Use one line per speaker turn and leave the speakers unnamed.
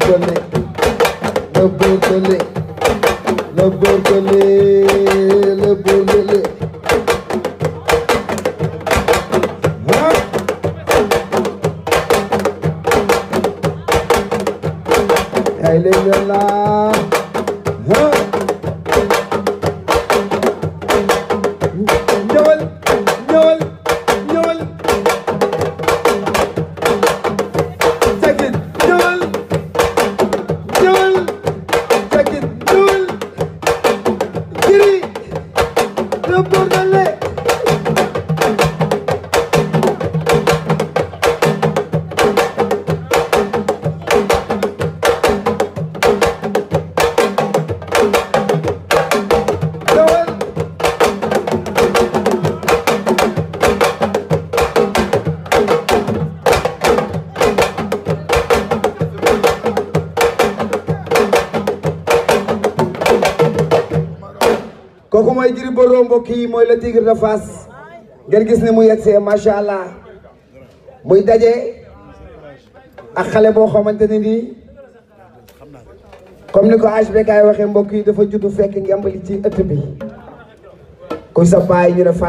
Bordelais le Bordelais le Bordelais le Bordelais ah. Hey, les gars là. Siri le bordel
kooku mooy Gris Bordeaux mbokk yi mooy le tigre de Fass gis ne mu yegsee macha allah muy daje ak xale boo xamante ne nii comme ni ko HBK waxee mbokk yi dafa juddu fekk ngemb li ci ëtt bi ku sa baay
ñu ne